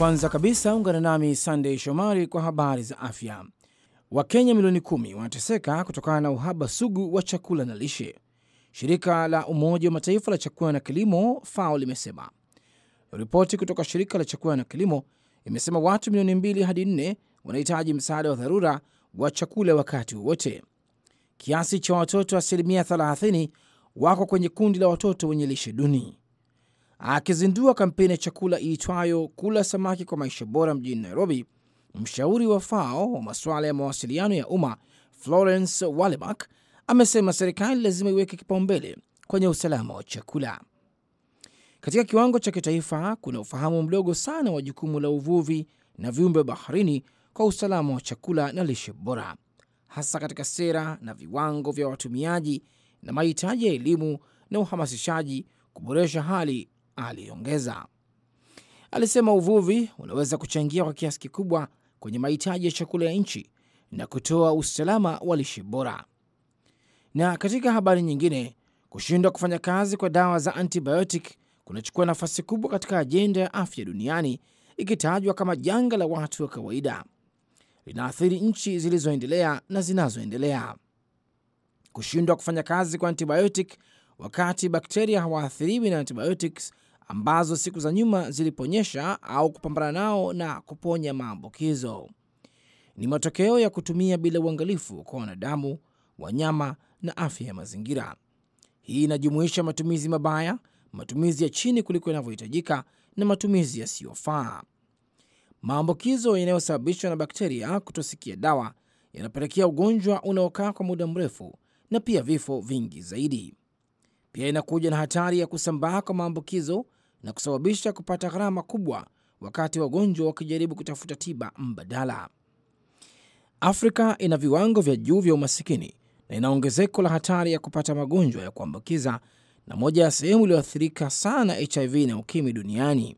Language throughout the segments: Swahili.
Kwanza kabisa ungana nami Sandey Shomari kwa habari za afya. Wakenya milioni kumi wanateseka kutokana na uhaba sugu wa chakula na lishe. Shirika la Umoja wa Mataifa la chakula na kilimo FAO limesema. Ripoti kutoka shirika la chakula na kilimo imesema watu milioni mbili hadi nne wanahitaji msaada wa dharura wa chakula wakati wowote. Kiasi cha watoto asilimia 30 wako kwenye kundi la watoto wenye lishe duni. Akizindua kampeni ya chakula iitwayo kula samaki kwa maisha bora mjini Nairobi, mshauri wa FAO wa masuala ya mawasiliano ya umma Florence walebak amesema serikali lazima iweke kipaumbele kwenye usalama wa chakula. Katika kiwango cha kitaifa, kuna ufahamu mdogo sana wa jukumu la uvuvi na viumbe baharini kwa usalama wa chakula na lishe bora, hasa katika sera na viwango vya watumiaji na mahitaji ya elimu na uhamasishaji kuboresha hali aliongeza. Alisema uvuvi unaweza kuchangia kwa kiasi kikubwa kwenye mahitaji ya chakula ya nchi na kutoa usalama wa lishe bora. Na katika habari nyingine, kushindwa kufanya kazi kwa dawa za antibiotic kunachukua nafasi kubwa katika ajenda ya afya duniani, ikitajwa kama janga la watu wa kawaida linaathiri nchi zilizoendelea na zinazoendelea. Kushindwa kufanya kazi kwa antibiotic wakati bakteria hawaathiriwi na antibiotics ambazo siku za nyuma ziliponyesha au kupambana nao na kuponya maambukizo. Ni matokeo ya kutumia bila uangalifu kwa wanadamu, wanyama na afya ya mazingira. Hii inajumuisha matumizi mabaya, matumizi ya chini kuliko inavyohitajika na matumizi yasiyofaa. Maambukizo yanayosababishwa na bakteria kutosikia dawa yanapelekea ugonjwa unaokaa kwa muda mrefu na pia vifo vingi zaidi. Pia inakuja na hatari ya kusambaa kwa maambukizo na kusababisha kupata gharama kubwa wakati wagonjwa wakijaribu kutafuta tiba mbadala. Afrika ina viwango vya juu vya umasikini na ina ongezeko la hatari ya kupata magonjwa ya kuambukiza na moja ya sehemu iliyoathirika sana HIV na ukimwi duniani.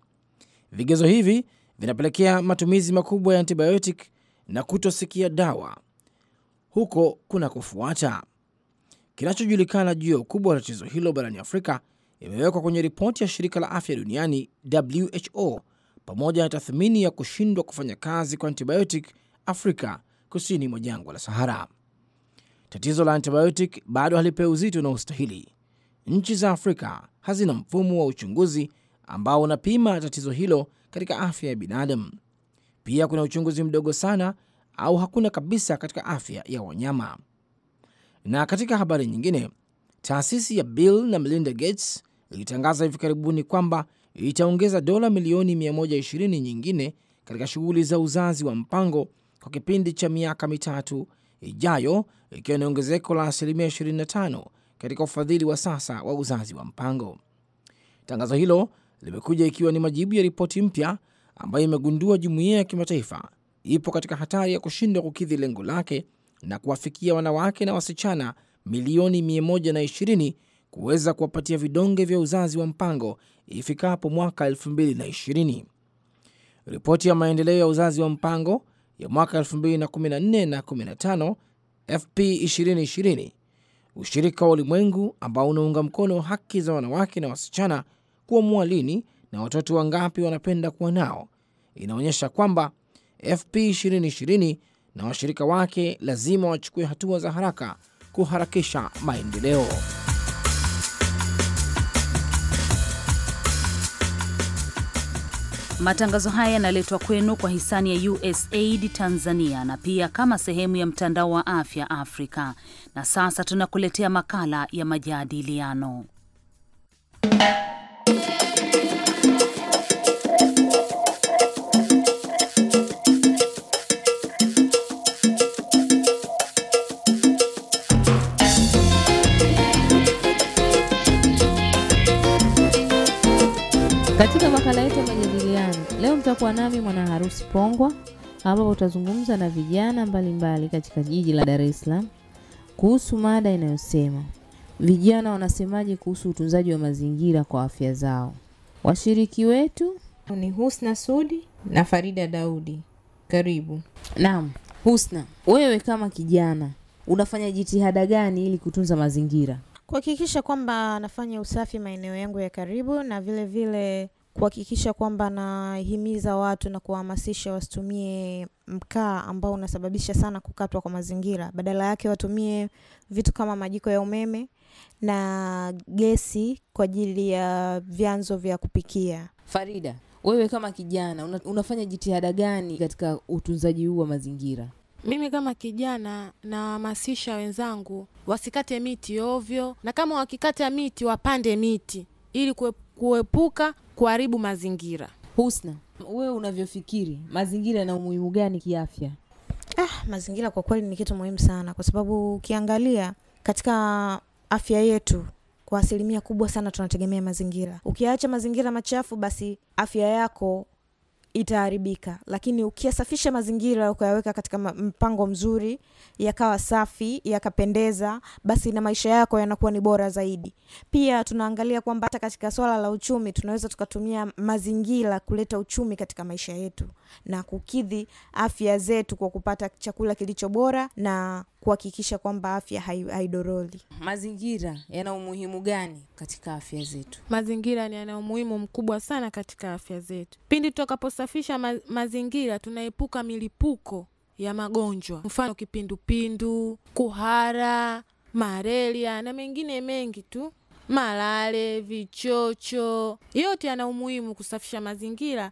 Vigezo hivi vinapelekea matumizi makubwa ya antibiotic na kutosikia dawa huko kuna kufuata. Kinachojulikana juu ya ukubwa wa tatizo hilo barani Afrika imewekwa kwenye ripoti ya shirika la afya duniani WHO pamoja na tathmini ya kushindwa kufanya kazi kwa antibiotic Afrika kusini mwa jangwa la Sahara. Tatizo la antibiotic bado halipewi uzito unaostahili. Nchi za Afrika hazina mfumo wa uchunguzi ambao unapima tatizo hilo katika afya ya binadamu. Pia kuna uchunguzi mdogo sana au hakuna kabisa katika afya ya wanyama. Na katika habari nyingine, taasisi ya Bill na Melinda Gates ilitangaza hivi karibuni kwamba itaongeza dola milioni 120 nyingine katika shughuli za uzazi wa mpango kwa kipindi cha miaka mitatu ijayo, ikiwa ni ongezeko la asilimia 25 katika ufadhili wa sasa wa uzazi wa mpango. Tangazo hilo limekuja ikiwa ni majibu ya ripoti mpya ambayo imegundua jumuiya ya kimataifa ipo katika hatari ya kushindwa kukidhi lengo lake na kuwafikia wanawake na wasichana milioni 120 kuweza kuwapatia vidonge vya uzazi wa mpango ifikapo mwaka 2020. Ripoti ya maendeleo ya uzazi wa mpango ya mwaka 2014 na 15 FP 2020, ushirika wa ulimwengu ambao unaunga mkono haki za wanawake na wasichana kuamua lini na watoto wangapi wanapenda kuwa nao, inaonyesha kwamba FP 2020 na washirika wake lazima wachukue hatua za haraka kuharakisha maendeleo. Matangazo haya yanaletwa kwenu kwa hisani ya USAID Tanzania na pia kama sehemu ya mtandao wa afya Afrika. Na sasa tunakuletea makala ya majadiliano tutazungumza na vijana mbalimbali katika jiji la Dar es Salaam kuhusu mada inayosema vijana wanasemaje kuhusu utunzaji wa mazingira kwa afya zao. Washiriki wetu ni Husna Sudi na Farida Daudi. Karibu. Naam, Husna, wewe kama kijana unafanya jitihada gani ili kutunza mazingira? Kuhakikisha kwamba nafanya usafi maeneo yangu ya karibu na vile vile kuhakikisha kwamba nahimiza watu na kuwahamasisha wasitumie mkaa ambao unasababisha sana kukatwa kwa mazingira. Badala yake watumie vitu kama majiko ya umeme na gesi kwa ajili ya vyanzo vya kupikia. Farida, wewe kama kijana una, unafanya jitihada gani katika utunzaji huu wa mazingira? Mimi kama kijana nawahamasisha wenzangu wasikate miti ovyo, na kama wakikata miti wapande miti ili kuepuka kuharibu mazingira. Husna, wewe unavyofikiri mazingira yana umuhimu gani kiafya? Ah, mazingira kwa kweli ni kitu muhimu sana, kwa sababu ukiangalia katika afya yetu kwa asilimia kubwa sana tunategemea mazingira. Ukiacha mazingira machafu, basi afya yako itaharibika, lakini ukiyasafisha mazingira, ukayaweka katika mpango mzuri, yakawa safi, yakapendeza, basi na maisha yako yanakuwa ni bora zaidi. Pia tunaangalia kwamba hata katika swala la uchumi tunaweza tukatumia mazingira kuleta uchumi katika maisha yetu na kukidhi afya zetu kwa kupata chakula kilicho bora na kuhakikisha kwamba afya haidoroli. Mazingira yana umuhimu gani katika afya zetu? Mazingira yana umuhimu mkubwa sana katika afya zetu. Pindi tutakaposafisha ma mazingira, tunaepuka milipuko ya magonjwa, mfano kipindupindu, kuhara, malaria na mengine mengi tu, malale, vichocho. Yote yana umuhimu kusafisha mazingira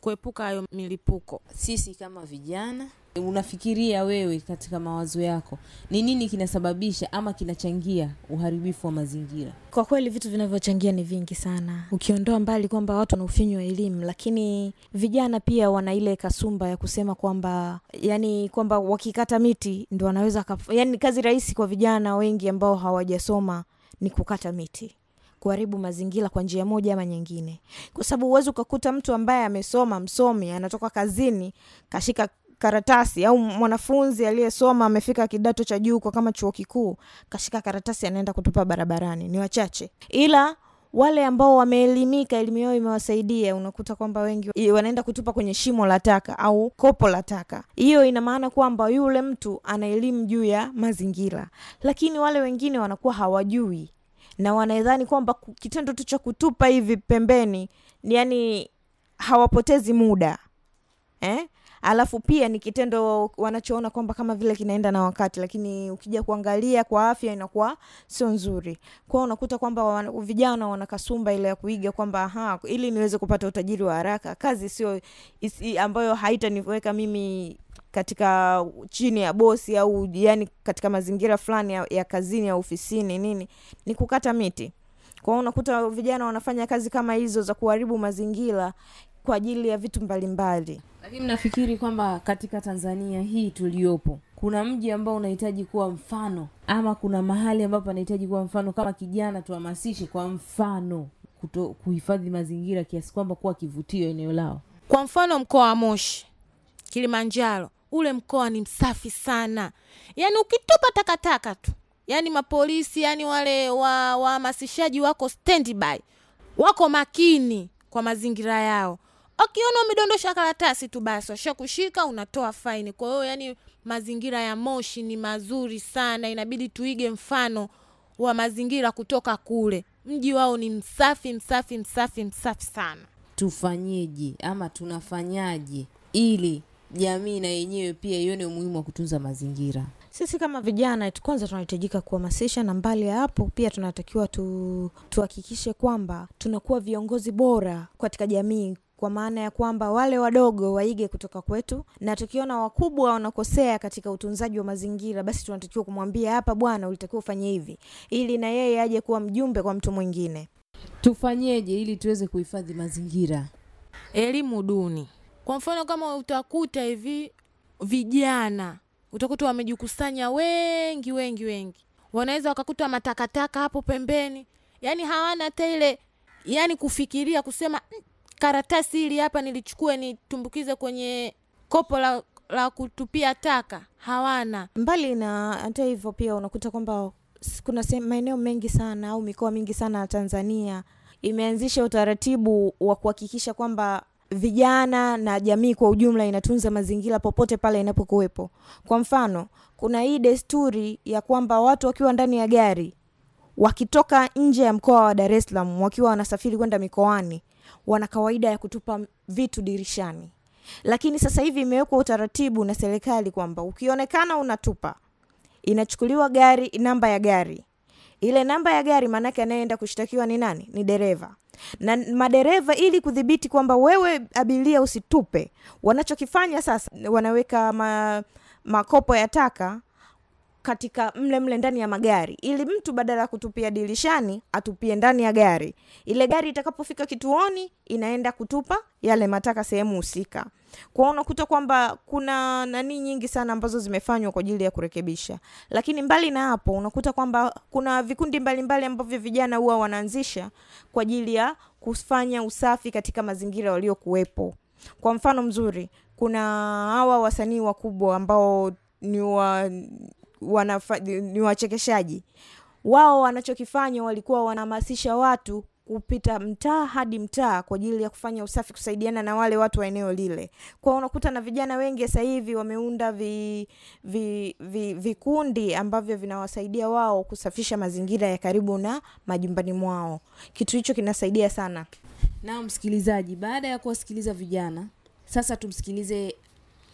kuepuka hayo milipuko. Sisi kama vijana, unafikiria wewe katika mawazo yako ni nini kinasababisha ama kinachangia uharibifu wa mazingira? Kwa kweli vitu vinavyochangia ni vingi sana, ukiondoa mbali kwamba watu wana ufinyu wa elimu, lakini vijana pia wana ile kasumba ya kusema kwamba yani kwamba wakikata miti ndo wanaweza kaf... yani kazi rahisi kwa vijana wengi ambao hawajasoma ni kukata miti kuharibu mazingira kwa njia moja ama nyingine, kwa sababu uwezi ukakuta mtu ambaye amesoma, msomi, anatoka kazini kashika karatasi au mwanafunzi aliyesoma amefika kidato cha juu kwa kama chuo kikuu kashika karatasi anaenda kutupa barabarani, ni wachache. Ila wale ambao wameelimika, elimu yao imewasaidia, unakuta kwamba wengi wanaenda kutupa kwenye shimo la taka au kopo la taka. Hiyo ina maana kwamba yule mtu ana elimu juu ya mazingira, lakini wale wengine wanakuwa hawajui na wanadhani kwamba kitendo tu cha kutupa hivi pembeni yani hawapotezi muda eh? alafu pia ni kitendo wanachoona kwamba kama vile kinaenda na wakati, lakini ukija kuangalia kwa afya inakuwa sio nzuri kwao. Unakuta kwamba vijana wanakasumba ile ya kuiga kwamba ili niweze kupata utajiri wa haraka, kazi sio ambayo haitaniweka mimi katika chini ya bosi au ya yani katika mazingira fulani ya, ya kazini ya ofisini nini, ni kukata miti. Kwa unakuta vijana wanafanya kazi kama hizo za kuharibu mazingira kwa ajili ya vitu mbalimbali. Lakini nafikiri kwamba katika Tanzania hii tuliyopo, kuna mji ambao unahitaji kuwa mfano, ama kuna mahali ambapo anahitaji kuwa mfano. Kama kijana, tuhamasishe kwa mfano kuto, kuhifadhi mazingira kiasi kwamba kuwa kivutio eneo lao. Kwa mfano mkoa wa Moshi, Kilimanjaro ule mkoa ni msafi sana, yaani ukitupa takataka tu, yaani mapolisi, yaani wale wahamasishaji wa wako standby, wako makini kwa mazingira yao. Wakiona umedondosha karatasi tu, basi washakushika, unatoa faini. Kwa hiyo, yaani mazingira ya Moshi ni mazuri sana, inabidi tuige mfano wa mazingira kutoka kule. Mji wao ni msafi msafi msafi msafi sana. Tufanyeje ama tunafanyaje ili jamii na yenyewe pia ione umuhimu wa kutunza mazingira. Sisi kama vijana kwanza tunahitajika kuhamasisha, na mbali ya hapo pia tunatakiwa tu, tuhakikishe kwamba tunakuwa viongozi bora katika jamii kwa maana ya kwamba wale wadogo waige kutoka kwetu, na tukiona wakubwa wanakosea katika utunzaji wa mazingira, basi tunatakiwa kumwambia hapa, bwana, ulitakiwa ufanye hivi, ili na yeye aje kuwa mjumbe kwa mtu mwingine. Tufanyeje ili tuweze kuhifadhi mazingira? Elimu duni kwa mfano kama utakuta hivi vijana utakuta wamejikusanya wengi wengi wengi, wanaweza wakakuta matakataka hapo pembeni, yani hawana hata ile yani kufikiria kusema mm, karatasi hili hapa nilichukue nitumbukize kwenye kopo la, la kutupia taka, hawana. Mbali na hata hivyo, pia unakuta kwamba kuna maeneo mengi sana au mikoa mingi sana ya Tanzania imeanzisha utaratibu wa kuhakikisha kwamba vijana na jamii kwa ujumla inatunza mazingira popote pale inapokuwepo. Kwa mfano, kuna hii desturi ya kwamba watu wakiwa ndani ya gari wakitoka nje ya mkoa wa Dar es Salaam wakiwa wanasafiri kwenda mikoani, wana kawaida ya kutupa vitu dirishani. Lakini sasa hivi imewekwa utaratibu na serikali kwamba ukionekana unatupa, inachukuliwa gari namba ya gari ile namba ya gari, maanake anayeenda kushtakiwa ni nani? Ni dereva na madereva ili kudhibiti kwamba wewe abiria usitupe, wanachokifanya sasa wanaweka ma, makopo ya taka katika mle mle ndani ya magari, ili mtu badala ya kutupia dirishani atupie ndani ya gari. Ile gari itakapofika kituoni, inaenda kutupa yale mataka sehemu husika. Kwa unakuta kwamba kuna nani nyingi sana ambazo zimefanywa kwa ajili ya kurekebisha, lakini mbali na hapo, unakuta kwamba kuna vikundi mbalimbali ambavyo vijana huwa wanaanzisha kwa ajili ya kufanya usafi katika mazingira waliokuwepo. Kwa mfano mzuri, kuna hawa wasanii wakubwa ambao ni wa wanafa, ni wachekeshaji wao. Wanachokifanya walikuwa wanahamasisha watu kupita mtaa hadi mtaa kwa ajili ya kufanya usafi, kusaidiana na wale watu wa eneo lile. Kwa unakuta na vijana wengi sasa hivi wameunda vi, vi, vi, vikundi ambavyo vinawasaidia wao kusafisha mazingira ya karibu na majumbani mwao. Kitu hicho kinasaidia sana. Na msikilizaji, baada ya kuwasikiliza vijana, sasa tumsikilize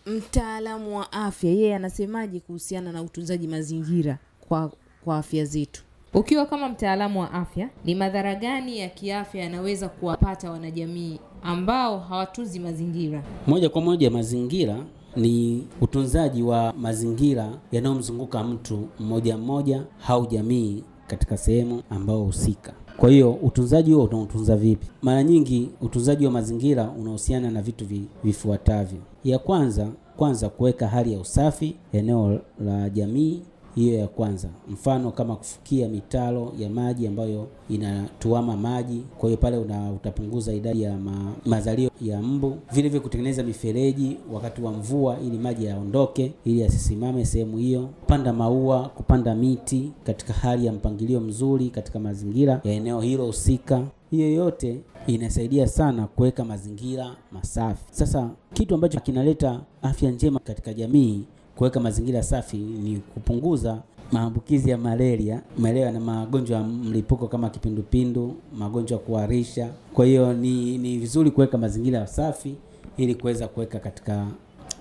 mtaalamu wa afya yeye anasemaje kuhusiana na utunzaji mazingira kwa kwa afya zetu? Ukiwa kama mtaalamu wa afya, ni madhara gani ya kiafya yanaweza kuwapata wanajamii ambao hawatunzi mazingira? Moja kwa moja, mazingira ni utunzaji wa mazingira yanayomzunguka mtu mmoja mmoja au jamii katika sehemu ambao husika. Kwa hiyo utunzaji huo unautunza vipi? Mara nyingi utunzaji wa mazingira unahusiana na vitu vifuatavyo. Ya kwanza kwanza kuweka hali ya usafi eneo la jamii hiyo ya kwanza. Mfano kama kufukia mitaro ya maji ambayo inatuama maji, kwa hiyo pale una, utapunguza idadi ya ma, mazalio ya mbu. Vile vile kutengeneza mifereji wakati wa mvua ili maji yaondoke ili yasisimame sehemu hiyo. Kupanda maua, kupanda miti katika hali ya mpangilio mzuri katika mazingira ya eneo hilo husika. Hiyo yote inasaidia sana kuweka mazingira masafi. Sasa kitu ambacho kinaleta afya njema katika jamii kuweka mazingira safi ni kupunguza maambukizi ya malaria, malaria na magonjwa ya mlipuko kama kipindupindu, magonjwa ya kuharisha. Kwa hiyo ni, ni vizuri kuweka mazingira safi ili kuweza kuweka katika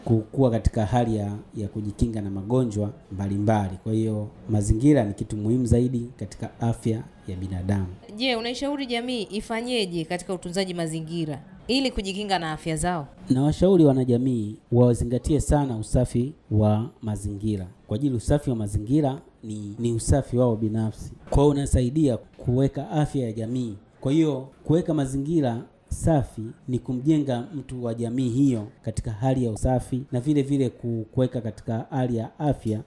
kukua katika hali ya, ya kujikinga na magonjwa mbalimbali. Kwa hiyo mazingira ni kitu muhimu zaidi katika afya ya binadamu. Je, unaishauri jamii ifanyeje katika utunzaji mazingira? ili kujikinga na afya zao. Na washauri wanajamii wazingatie sana usafi wa mazingira, kwa ajili usafi wa mazingira ni, ni usafi wao binafsi, kwao unasaidia kuweka afya ya jamii. Kwa hiyo kuweka mazingira safi ni kumjenga mtu wa jamii hiyo katika hali ya usafi na vile vile kuweka katika hali ya afya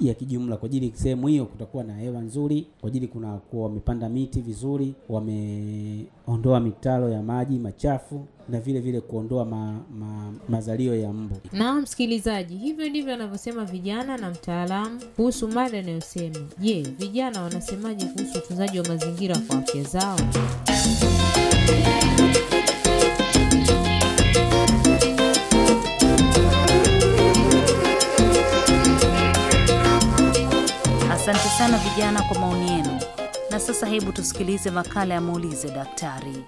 ya kijumla kwa ajili sehemu hiyo kutakuwa na hewa nzuri, kwa ajili kuna kuwa wamepanda miti vizuri, wameondoa mitaro ya maji machafu na vile vile kuondoa ma, ma, mazalio ya mbu. Na msikilizaji, hivyo ndivyo anavyosema vijana na mtaalamu kuhusu mada inayosema je, vijana wanasemaje kuhusu utunzaji wa mazingira kwa afya zao? Asante sana vijana kwa maoni yenu. Na sasa hebu tusikilize makala ya muulize daktari.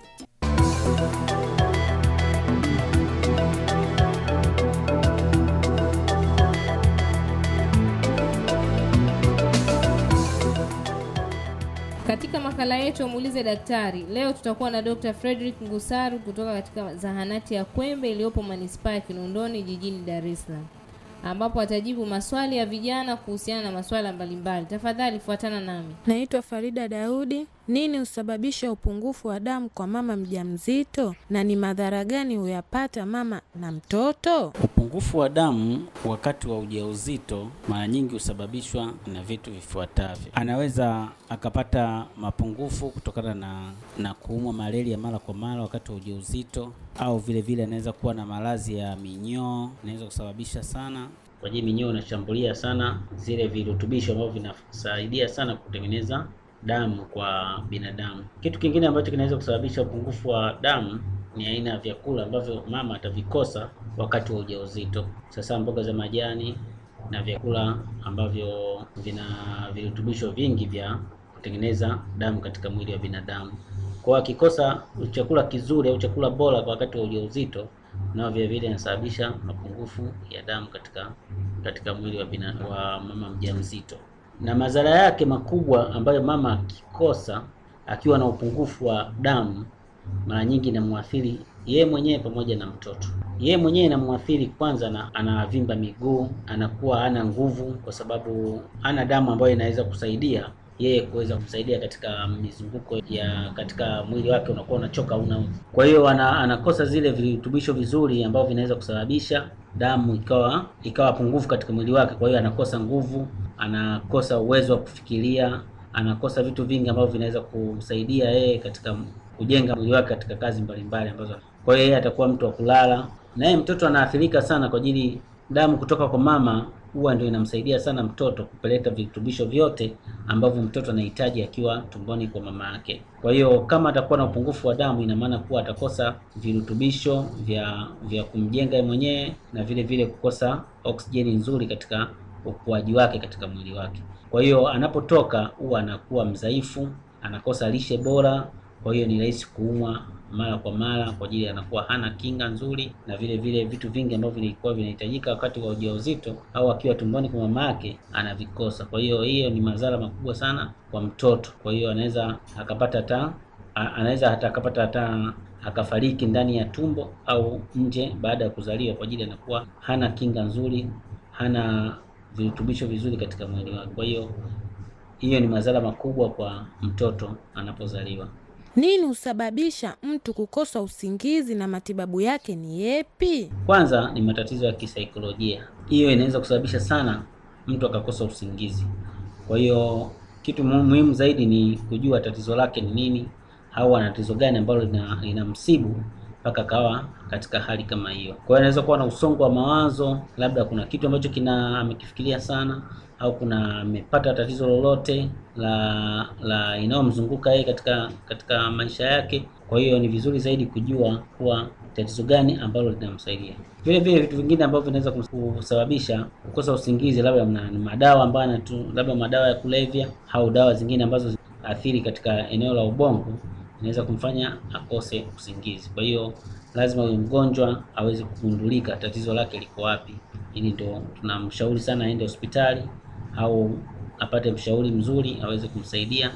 Katika makala yetu amuulize daktari leo tutakuwa na Dr. Frederick Ngusaru kutoka katika zahanati ya Kwembe iliyopo manispaa ya Kinondoni jijini Dar es Salaam ambapo atajibu maswali ya vijana kuhusiana na maswala mbalimbali. Tafadhali fuatana nami. Naitwa Farida Daudi. Nini husababisha upungufu wa damu kwa mama mjamzito na ni madhara gani huyapata mama na mtoto? Upungufu wa damu wakati wa ujauzito mara nyingi husababishwa na vitu vifuatavyo. Anaweza akapata mapungufu kutokana na, na kuumwa malaria mara kwa mara wakati wa ujauzito, au vile vile anaweza kuwa na maradhi ya minyoo, inaweza kusababisha sana kwa hiyo minyoo inashambulia sana zile virutubisho ambavyo vinasaidia sana kutengeneza damu kwa binadamu. Kitu kingine ambacho kinaweza kusababisha upungufu wa damu ni aina ya vyakula ambavyo mama atavikosa wakati wa ujauzito. Sasa mboga za majani na vyakula ambavyo vina virutubisho vingi vya kutengeneza damu katika mwili wa binadamu. Kwa akikosa chakula kizuri au chakula bora kwa wakati wa ujauzito, nao vile vile inasababisha mapungufu ya damu katika katika mwili wa, bina, wa mama mjamzito na madhara yake makubwa ambayo mama akikosa akiwa na upungufu wa damu mara nyingi inamwathiri yeye mwenyewe pamoja na mtoto. Yeye mwenyewe inamwathiri kwanza, na anavimba miguu, anakuwa hana nguvu, kwa sababu hana damu ambayo inaweza kusaidia yeye kuweza kumsaidia katika mizunguko ya katika mwili wake, unakuwa unachoka una. Kwa hiyo ana, anakosa zile virutubisho vizuri ambavyo vinaweza kusababisha damu ikawa ikawa pungufu katika mwili wake, kwa hiyo anakosa nguvu, anakosa uwezo wa kufikiria, anakosa vitu vingi ambavyo vinaweza kumsaidia yeye katika kujenga mwili wake katika kazi mbalimbali ambazo, kwa hiyo yeye atakuwa mtu wa kulala. Na yeye mtoto anaathirika sana kwa ajili damu kutoka kwa mama huwa ndio inamsaidia sana mtoto kupeleka virutubisho vyote ambavyo mtoto anahitaji akiwa tumboni kwa mama yake. Kwa hiyo kama atakuwa na upungufu wa damu, ina maana kuwa atakosa virutubisho vya vya kumjenga mwenyewe na vile vile kukosa oksijeni nzuri katika ukuaji wake katika mwili wake. Kwa hiyo anapotoka huwa anakuwa mdhaifu, anakosa lishe bora, kwa hiyo ni rahisi kuumwa mara kwa mara kwa ajili anakuwa hana kinga nzuri, na vile vile vitu vingi ambavyo vilikuwa vinahitajika wakati wa ujauzito au akiwa tumboni kwa mama yake anavikosa. Kwa hiyo hiyo ni madhara makubwa sana kwa mtoto. Kwa hiyo anaweza akapata hata anaweza hata akapata hata akafariki ndani ya tumbo au nje baada ya kuzaliwa, kwa ajili anakuwa hana kinga nzuri, hana virutubisho vizuri katika mwili wake. Kwa hiyo hiyo ni madhara makubwa kwa mtoto anapozaliwa. Nini husababisha mtu kukosa usingizi na matibabu yake ni yepi? Kwanza ni matatizo ya kisaikolojia, hiyo inaweza kusababisha sana mtu akakosa usingizi. Kwa hiyo kitu muhimu zaidi ni kujua tatizo lake ni nini, au ana tatizo gani ambalo linamsibu mpaka kawa katika hali kama hiyo. Kwa hiyo anaweza kuwa na usongo wa mawazo, labda kuna kitu ambacho kina amekifikiria sana, au kuna amepata tatizo lolote la la inayomzunguka yeye katika katika maisha yake. Kwa hiyo ni vizuri zaidi kujua kuwa tatizo gani ambalo linamsaidia. Vile vile vitu vingine ambavyo vinaweza kusababisha kukosa usingizi, labda na madawa ambayo labda madawa ya kulevya au dawa zingine ambazo athiri katika eneo la ubongo inaweza kumfanya akose usingizi. Kwa hiyo lazima huyo mgonjwa aweze kugundulika tatizo lake liko wapi, ili ndo tunamshauri sana aende hospitali au apate mshauri mzuri aweze kumsaidia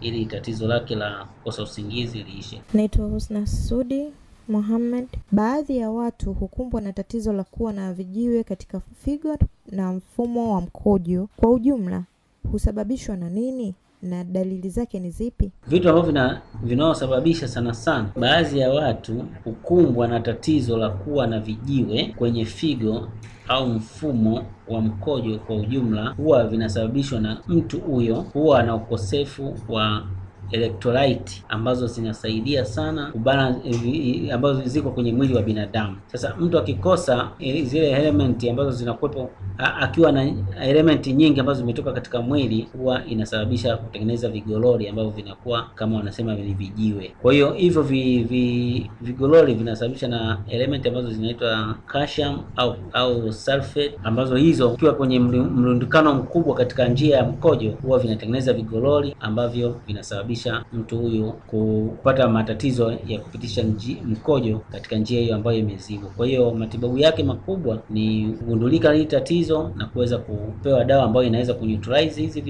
ili tatizo lake la kukosa usingizi liishe. Naitwa Husna Sudi Mohamed. Baadhi ya watu hukumbwa na tatizo la kuwa na vijiwe katika figo na mfumo wa mkojo kwa ujumla husababishwa na nini? na dalili zake ni zipi? Vitu ambavyo vinaosababisha sana sana baadhi ya watu hukumbwa na tatizo la kuwa na vijiwe kwenye figo au mfumo wa mkojo kwa ujumla, huwa vinasababishwa na mtu huyo huwa na ukosefu wa electrolyte ambazo zinasaidia sana kubalance, eh, eh, ambazo ziko kwenye mwili wa binadamu. Sasa mtu akikosa eh, zile elementi ambazo zinakuwepo, akiwa na elementi nyingi ambazo zimetoka katika mwili, huwa inasababisha kutengeneza vigololi ambavyo vinakuwa kama wanasema ni vijiwe. Kwa hiyo hivyo vi, vi, vigololi vinasababisha na elementi ambazo zinaitwa calcium au, au sulfate, ambazo hizo ukiwa kwenye mrundikano mkubwa katika njia ya mkojo, huwa vinatengeneza vigololi ambavyo vinasababisha kusababisha mtu huyu kupata matatizo ya kupitisha nji, mkojo katika njia hiyo ambayo imezibwa. Kwa hiyo matibabu yake makubwa ni kugundulika hili tatizo na kuweza kupewa dawa ambayo inaweza kuneutralize hizi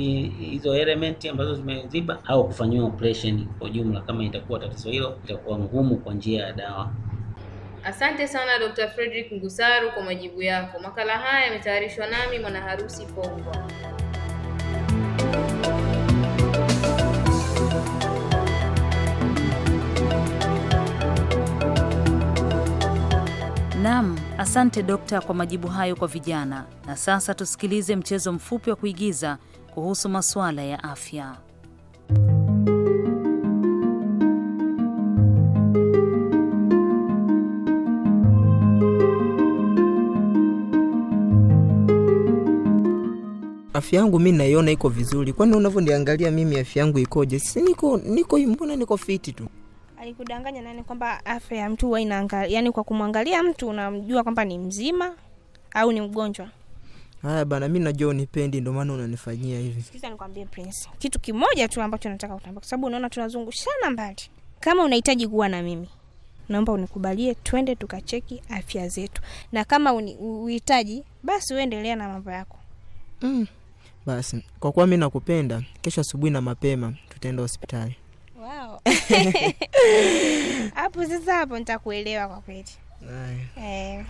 hizo element ambazo zimeziba au kufanyiwa operation. Kwa ujumla, kama itakuwa tatizo hilo itakuwa ngumu kwa njia ya dawa. Asante sana Dr. Frederick Ngusaru kwa majibu yako. Makala haya yametayarishwa nami mwanaharusi Pongwa. Naam, asante dokta kwa majibu hayo kwa vijana. Na sasa tusikilize mchezo mfupi wa kuigiza kuhusu masuala ya afya. Afya yangu mi naiona iko vizuri, kwani unavyoniangalia mimi afya yangu ikoje? Si niko niko, mbona niko fiti tu. Alikudanganya nani kwamba afya ya mtu huwa inaangalia, yani kwa kumwangalia mtu unamjua kwamba ni mzima au ni mgonjwa? Haya bana, mi najua unipendi, ndio maana unanifanyia hivi. Sikiza nikwambie Prince, kitu kimoja tu ambacho nataka utambue, kwa sababu unaona tunazungushana mbali. Kama unahitaji kuwa na mimi, naomba unikubalie, twende tukacheki afya zetu, na kama uhitaji, basi uendelea na mambo yako mm. Basi kwa kuwa mi nakupenda, kesho asubuhi na mapema tutaenda hospitali. hapo sasa, hapo nitakuelewa kwa kweli. Eh.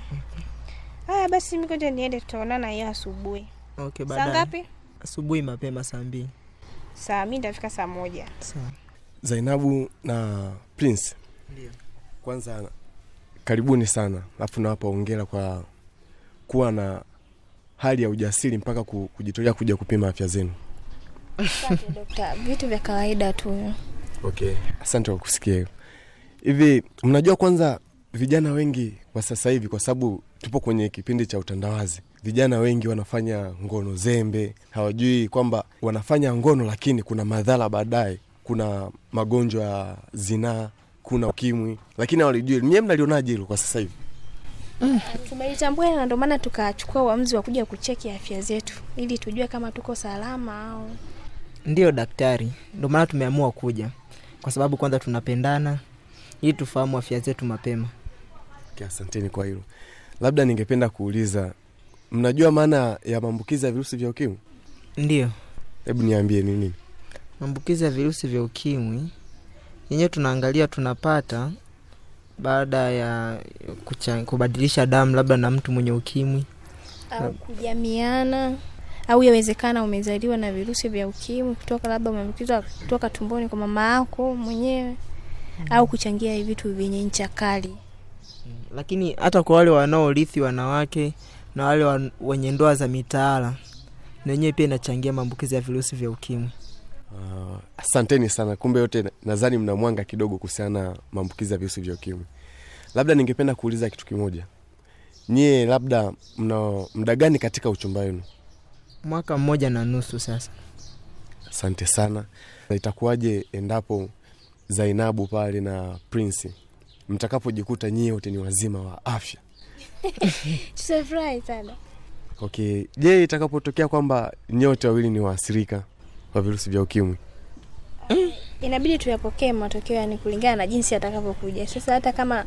Haya basi, mimi kwenda niende, tutaonana hiyo asubuhi. Okay, baadaye. Saa ngapi? Asubuhi mapema saa mbili. Saa mi nitafika saa moja. Sa. Zainabu na Prince. Ndiyo. Kwanza karibuni sana, alafu nawapa hongera kwa kuwa na hali ya ujasiri mpaka kujitolea kuja kupima afya zenu. vitu vya kawaida tu okay. asante kwa kusikia hivi mnajua kwanza vijana wengi kwa sasa hivi kwa sababu tupo kwenye kipindi cha utandawazi vijana wengi wanafanya ngono zembe hawajui kwamba wanafanya ngono lakini kuna madhara baadaye kuna magonjwa ya zinaa kuna ukimwi lakini hawalijui nyewe mnalionaje hilo kwa sasa hivi Mm. Tumelitambua na ndio maana tukachukua uamuzi wa kuja kucheki afya zetu ili tujue kama tuko salama au. Ndiyo daktari, ndio maana tumeamua kuja kwa sababu kwanza tunapendana ili tufahamu afya zetu mapema asanteni kwa hilo labda ningependa kuuliza mnajua maana ya maambukizi ya virusi vya ukimwi ndio hebu niambie ni nini maambukizi ya virusi vya ukimwi yenyewe tunaangalia tunapata baada ya kucha, kubadilisha damu labda na mtu mwenye ukimwi au kujamiana au yawezekana umezaliwa na virusi vya ukimwi kutoka labda umeambukizwa kutoka tumboni kwa mama yako mwenyewe mm. au kuchangia vitu vyenye ncha kali mm, lakini hata kwa wale wanaorithi wanawake na wale wenye ndoa za mitaala na wenyewe pia inachangia maambukizi ya virusi vya ukimwi. Uh, asanteni sana. Kumbe yote nadhani mna mwanga kidogo kuhusiana na maambukizi ya virusi vya ukimwi. Labda ningependa kuuliza kitu kimoja, nyie labda mna mda gani katika uchumba wenu? mwaka mmoja na nusu sasa. Asante sana. Itakuwaje endapo Zainabu pale na prinsi mtakapojikuta nyie wote ni wazima wa afya? Tutafurahi sana. Okay, je, itakapotokea kwamba nyote wawili ni waasirika wa virusi vya ukimwi? Mm. Inabidi tuyapokee matokeo, yani kulingana na jinsi atakavyokuja. Sasa hata kama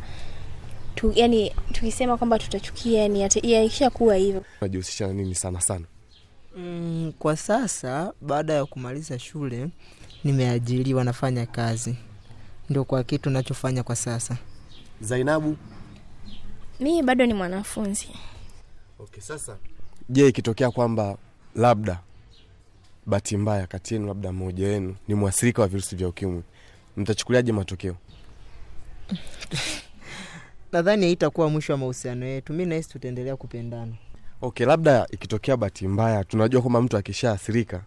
tu, yani tukisema kwamba tutachukia, yani yaikisha kuwa hivyo, najihusisha na nini sana sana Mm, kwa sasa baada ya kumaliza shule nimeajiriwa, nafanya kazi, ndio kwa kitu nachofanya kwa sasa. Zainabu, mimi bado ni mwanafunzi. Okay, sasa je, ikitokea kwamba labda bahati mbaya kati yenu labda mmoja wenu ni mwasirika wa virusi vya ukimwi, mtachukuliaje matokeo? Nadhani itakuwa mwisho wa mahusiano yetu. Mi nahisi tutaendelea kupendana. Okay, labda ikitokea bahati mbaya, tunajua kwamba mtu akishaathirika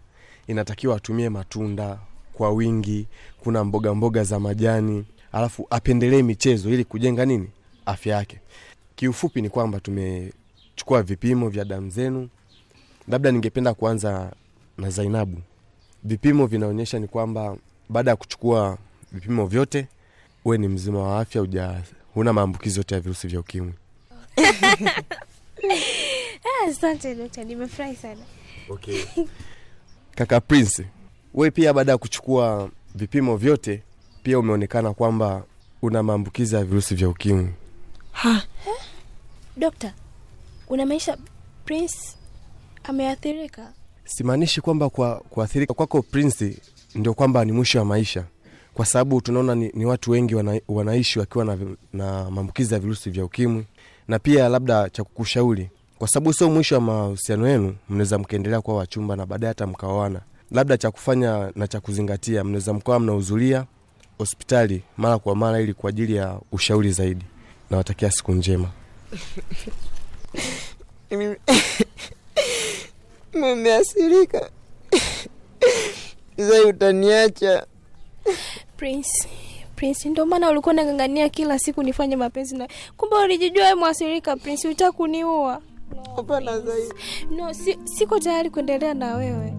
inatakiwa atumie matunda kwa wingi, kuna mboga mboga za majani, alafu apendelee michezo ili kujenga nini afya yake. Kiufupi ni kwamba tumechukua vipimo vya damu zenu. Labda ningependa kuanza na Zainabu. Vipimo vinaonyesha ni kwamba baada ya kuchukua vipimo vyote, uwe ni mzima wa afya, huna maambukizi yote ya virusi vya ukimwi. Ah, asante dokta, nimefurahi sana. Okay. Kaka Prince, we pia baada ya kuchukua vipimo vyote pia umeonekana kwamba una maambukizi ya virusi vya ukimwi. Dokta, unamaanisha Prince ameathirika? Simaanishi kwamba kwa kuathirika kwako Prince ndio kwamba ni mwisho wa maisha, kwa sababu tunaona ni, ni watu wengi wana, wanaishi wakiwa na, na maambukizi ya virusi vya ukimwi, na pia labda cha kukushauri kwa sababu sio mwisho wa mahusiano yenu, mnaweza mkaendelea kuwa wachumba na baadaye hata mkaoana. Labda cha kufanya na cha kuzingatia, mnaweza mkawa mnahuzulia hospitali mara kwa mara ili kwa ajili ya ushauri zaidi. Nawatakia siku njema. Mumeasirika zai, utaniacha Prince. Prince, ndio maana ulikuwa nagangania kila siku nifanye mapenzi na kumbe ulijijua mwasirika. Prince, utakuniua Hapana zaidi. No, si, siko tayari kuendelea na wewe.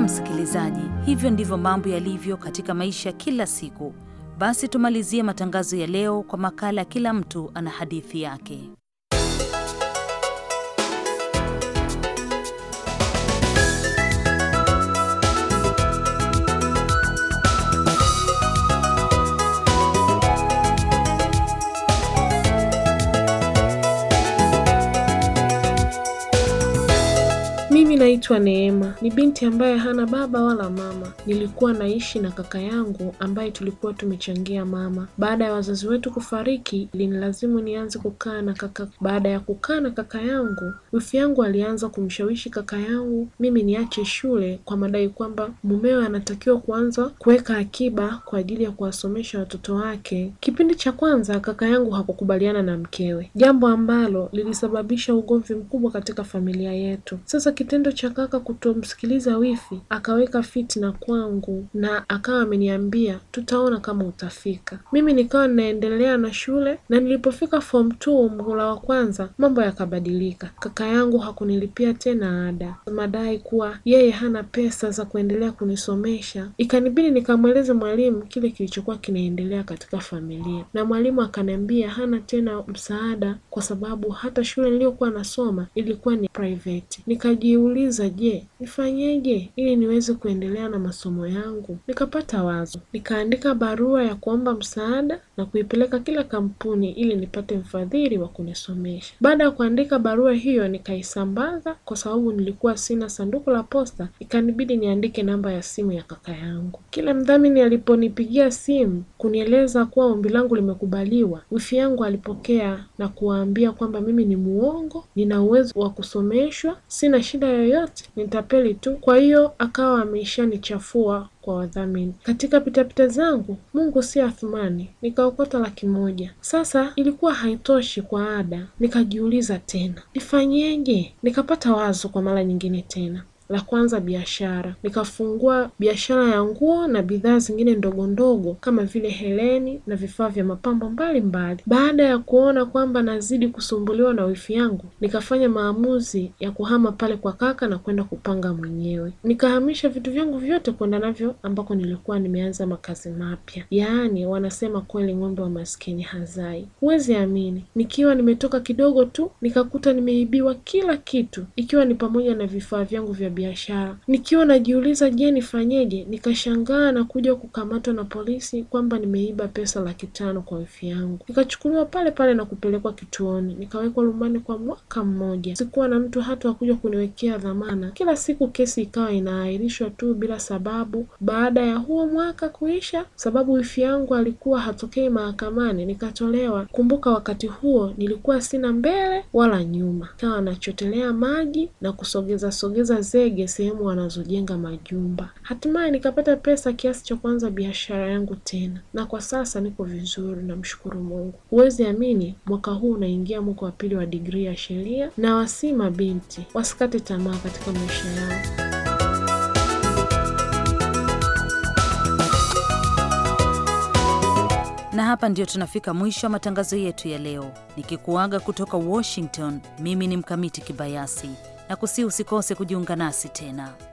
msikilizaji, hivyo ndivyo mambo yalivyo katika maisha kila siku. Basi tumalizie matangazo ya leo kwa makala Kila Mtu Ana Hadithi Yake. naitwa Neema, ni binti ambaye hana baba wala mama. Nilikuwa naishi na kaka yangu ambaye tulikuwa tumechangia mama. Baada ya wazazi wetu kufariki, ilinilazimu nianze kukaa na kaka. Baada ya kukaa na kaka yangu, wifi yangu alianza kumshawishi kaka yangu mimi niache shule kwa madai kwamba mumewe anatakiwa kuanza kuweka akiba kwa ajili ya kuwasomesha watoto wake. Kipindi cha kwanza kaka yangu hakukubaliana na mkewe, jambo ambalo lilisababisha ugomvi mkubwa katika familia yetu. Sasa kitendo kitendo cha kaka kutomsikiliza wifi akaweka fitna kwangu na akawa ameniambia tutaona kama utafika. Mimi nikawa ninaendelea na shule na nilipofika form 2 mhula wa kwanza mambo yakabadilika. Kaka yangu hakunilipia tena ada, madai kuwa yeye hana pesa za kuendelea kunisomesha. Ikanibidi nikamweleze mwalimu kile kilichokuwa kinaendelea katika familia, na mwalimu akaniambia hana tena msaada kwa sababu hata shule niliyokuwa nasoma ilikuwa ni private. Nikajiuliza Nikajiuliza, je, nifanyeje ili niweze kuendelea na masomo yangu? Nikapata wazo, nikaandika barua ya kuomba msaada na kuipeleka kila kampuni ili nipate mfadhili wa kunisomesha. Baada ya kuandika barua hiyo, nikaisambaza kwa sababu nilikuwa sina sanduku la posta, ikanibidi niandike namba ya simu ya kaka yangu. Kila mdhamini aliponipigia simu kunieleza kuwa ombi langu limekubaliwa, wifi yangu alipokea na kuwaambia kwamba mimi ni muongo, nina uwezo wa kusomeshwa, sina shida yoyote yoyote, nitapeli tu. Kwa hiyo akawa ameishanichafua kwa wadhamini. Katika pitapita zangu, Mungu si Athumani, nikaokota laki moja. Sasa ilikuwa haitoshi kwa ada, nikajiuliza tena nifanyeje? Nikapata wazo kwa mara nyingine tena, la kwanza biashara. Nikafungua biashara ya nguo na bidhaa zingine ndogo ndogo kama vile heleni na vifaa vya mapambo mbalimbali. Baada ya kuona kwamba nazidi kusumbuliwa na wifi yangu, nikafanya maamuzi ya kuhama pale kwa kaka na kwenda kupanga mwenyewe. Nikahamisha vitu vyangu vyote kwenda navyo ambako nilikuwa nimeanza makazi mapya. Yaani wanasema kweli ng'ombe wa maskini hazai. Huwezi amini, nikiwa nimetoka kidogo tu nikakuta nimeibiwa kila kitu, ikiwa ni pamoja na vifaa vyangu vya biashara. Nikiwa najiuliza je, nifanyeje, nikashangaa na kuja kukamatwa na polisi kwamba nimeiba pesa laki tano kwa wifi yangu. Nikachukuliwa pale pale na kupelekwa kituoni, nikawekwa rumani kwa mwaka mmoja. Sikuwa na mtu hata wakuja kuniwekea dhamana. Kila siku kesi ikawa inaahirishwa tu bila sababu. Baada ya huo mwaka kuisha, sababu wifi yangu alikuwa hatokei mahakamani, nikatolewa. Kumbuka wakati huo nilikuwa sina mbele wala nyuma, ikawa nachotelea maji na kusogeza sogeza zege ndege sehemu wanazojenga majumba. Hatimaye nikapata pesa kiasi cha kuanza biashara yangu tena, na kwa sasa niko vizuri, namshukuru Mungu. Huwezi amini, mwaka huu unaingia mwaka wa pili wa digrii ya sheria, na wasima binti wasikate tamaa katika maisha yao. Na hapa ndio tunafika mwisho wa matangazo yetu ya leo, nikikuaga kutoka Washington. Mimi ni Mkamiti Kibayasi na kusi usikose kujiunga nasi tena.